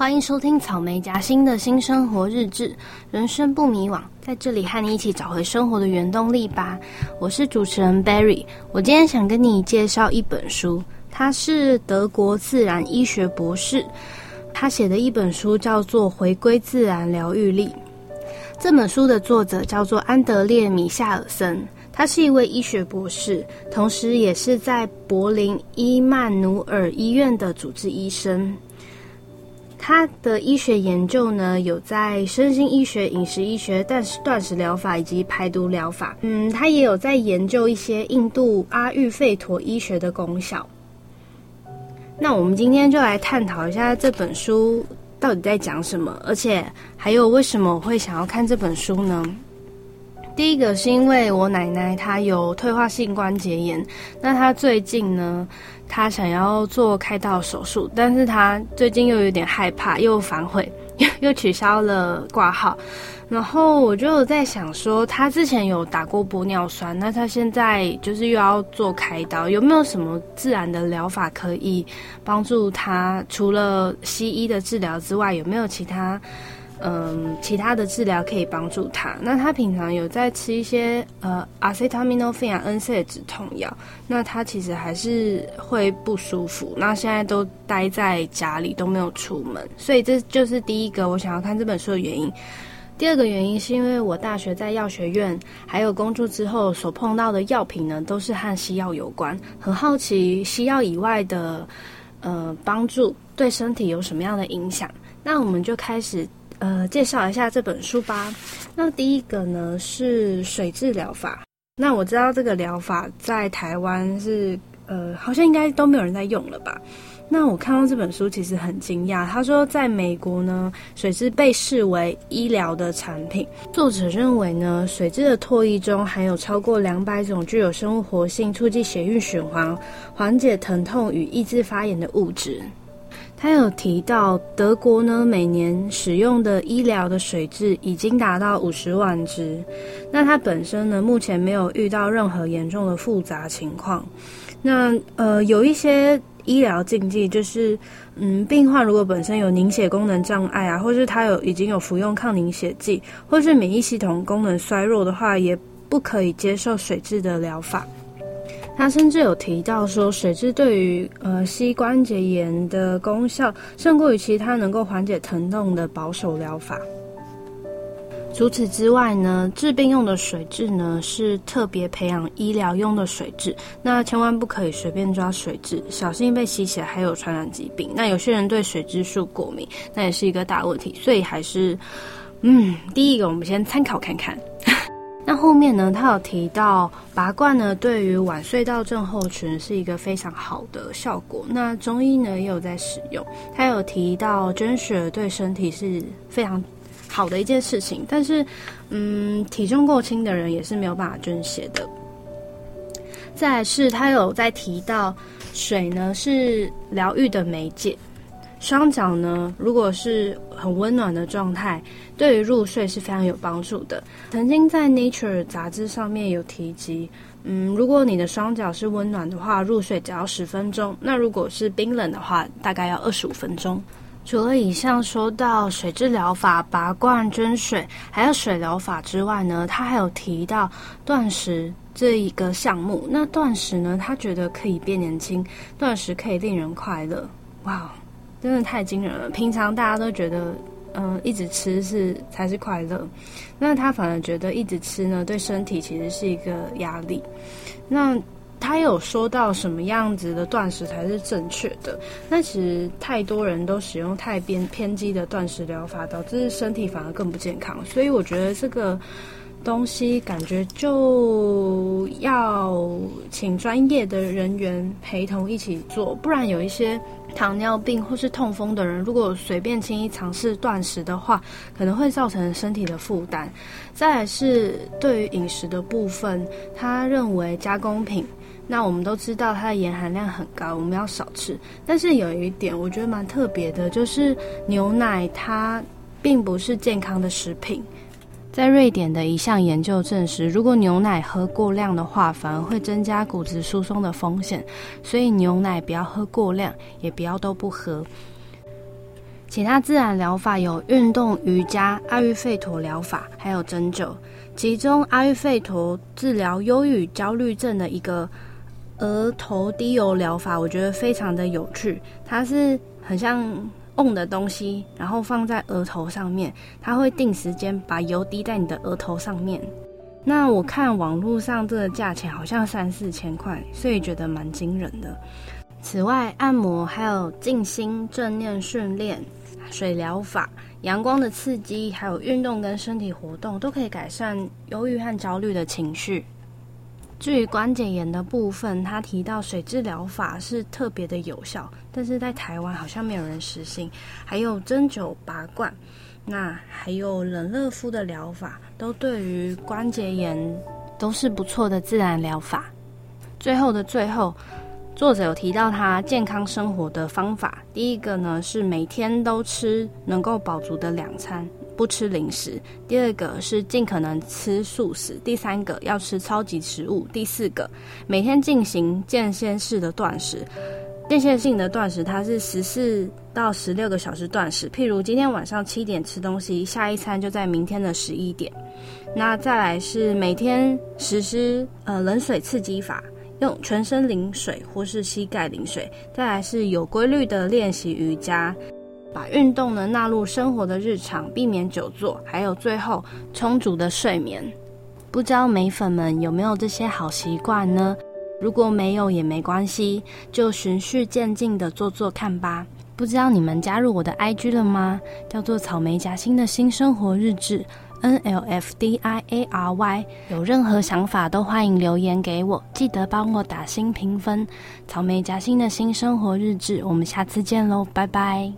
歡迎收聽《草莓夾心的新生活日誌》，人生不迷惘，在這裡和你一起找回生活的原動力吧。我是主持人 Barry，我今天想跟你介紹一本書，它是德國自然醫學博士他寫的一本書，叫做《回歸自然療癒力》。這本書的作者叫做安德烈米夏爾森，他是一位醫學博士，同時也是在柏林伊曼努爾醫院的主治醫生。他的醫學研究呢，有在身心醫學、飲食醫學、斷食斷食療法以及排毒療法。嗯，他也有在研究一些印度阿育吠陀醫學的功效。那我們今天就來探討一下這本書到底在講什麼，而且還有為什麼我會想要看這本書呢？第一個是因為我奶奶她有退化性關節炎，那她最近呢，她想要做開刀手術，但是她最近又有點害怕，又反悔，又，又取消了掛號。然後我就在想說，她之前有打過玻尿酸，那她現在就是又要做開刀，有沒有什麼自然的療法可以幫助她？除了西醫的治療之外，有沒有其他？嗯，其他的治療可以幫助他。那他平常有在吃一些呃 Acetaminophen 啊、NSAID 止痛藥。那他其實還是會不舒服。那現在都待在家裡，都沒有出門。所以這就是第一個我想要看這本書的原因。第二個原因是因為我大學在藥學院，還有工作之後所碰到的藥品呢，都是和西藥有關。很好奇西藥以外的呃幫助對身體有什麼樣的影響。那我們就開始。呃，介紹一下這本書吧。那第一個呢是水蛭療法。那我知道這個療法在台灣是呃，好像應該都沒有人在用了吧？那我看到這本書其實很驚訝，他說在美國呢，水蛭被視為醫療的產品。作者認為呢，水蛭的唾液中含有超過兩百種具有生物活性，促進血液循環、緩解疼痛與抑制發炎的物質。他有提到，德國呢，每年使用的醫療的水蛭，已經達到五十萬隻，那它本身呢，目前沒有遇到任何嚴重的複雜情況。那呃有一些醫療禁忌，就是嗯病患如果本身有凝血功能障礙啊，或是他有已經有服用抗凝血劑，或是免疫系統功能衰弱的話，也不可以接受水蛭的療法。他甚至有提到說水，水蛭對於呃膝關節炎的功效，勝過於其他能夠緩解疼痛的保守療法。除此之外呢，治病用的水蛭呢是特別培養醫療用的水蛭，那千萬不可以隨便抓水蛭，小心被吸血還有傳染疾病。那有些人對水蛭素過敏，那也是一個大問題，所以還是，嗯，第一個我們先參考看看。那後面呢，他有提到拔罐呢，對於晚睡到症候群是一個非常好的效果。那中醫呢也有在使用。他有提到捐血對身體是非常好的一件事情，但是，嗯，體重過輕的人也是沒有辦法捐血的。再來是，他有在提到水呢是療癒的媒介。雙腳呢，如果是很溫暖的狀態，對於入睡是非常有幫助的。曾經在《Nature》雜誌上面有提及，嗯，如果你的雙腳是溫暖的話，入睡只要十分鐘；那如果是冰冷的話，大概要二十五分鐘。除了以上說到水質療法、拔罐、針水，還有水療法之外呢，他還有提到斷食這一個項目。那斷食呢，他覺得可以變年輕，斷食可以令人快樂。哇！真的太驚人了！平常大家都覺得，嗯、呃，一直吃是才是快樂，那他反而覺得一直吃呢，對身體其實是一個壓力。那他有說到什麼樣子的斷食才是正確的？那其實太多人都使用太偏偏激的斷食療法，導致身體反而更不健康。所以我覺得這個東西感覺就要請專業的人員陪同一起做，不然有一些。糖尿病或是痛風的人，如果隨便輕易嘗試斷食的話，可能會造成身體的負擔。再來是對於飲食的部分，他認為加工品，那我們都知道它的鹽含量很高，我們要少吃。但是有一點，我覺得蠻特別的，就是牛奶它並不是健康的食品。在瑞典的一項研究證實，如果牛奶喝過量的話，反而會增加骨質疏鬆的風險。所以牛奶不要喝過量，也不要都不喝。其他自然療法有運動、瑜伽、阿育吠陀療法，還有針灸。其中阿育吠陀治療憂鬱、焦慮症的一個額頭滴油療法，我覺得非常的有趣，它是很像。用的東西，然後放在額頭上面，它會定時間把油滴在你的額頭上面。那我看網絡上這個價錢好像三四千塊，所以覺得蠻驚人的。此外，按摩還有靜心、正念訓練、水療法、陽光的刺激，還有運動跟身體活動，都可以改善憂鬱和焦慮的情緒。至於關節炎的部分，他提到水治療法是特別的有效，但是在台灣好像沒有人實行。還有針灸拔罐，那還有冷熱敷的療法，都對於關節炎都是不錯的自然療法。最後的最後，作者有提到他健康生活的方法，第一個呢是每天都吃能夠飽足的兩餐。不吃零食，第二個是盡可能吃素食，第三個要吃超級食物，第四個每天進行間歇式的斷食。間歇性的斷食，它是十四到十六個小時斷食。譬如今天晚上七點吃東西，下一餐就在明天的十一點。那再來是每天實施呃冷水刺激法，用全身淋水或是膝蓋淋水。再來是有規律的練習瑜伽。把運動呢納入生活的日常，避免久坐，還有最後充足的睡眠。不知道美粉們有沒有這些好習慣呢？如果沒有也沒關係，就循序漸進的做做看吧。不知道你們加入我的 IG 了嗎？叫做草莓夾心的新生活日誌 （N L F D I A R Y）。有任何想法都歡迎留言給我，記得幫我打新評分。草莓夾心的新生活日誌，我們下次見嘍，拜拜。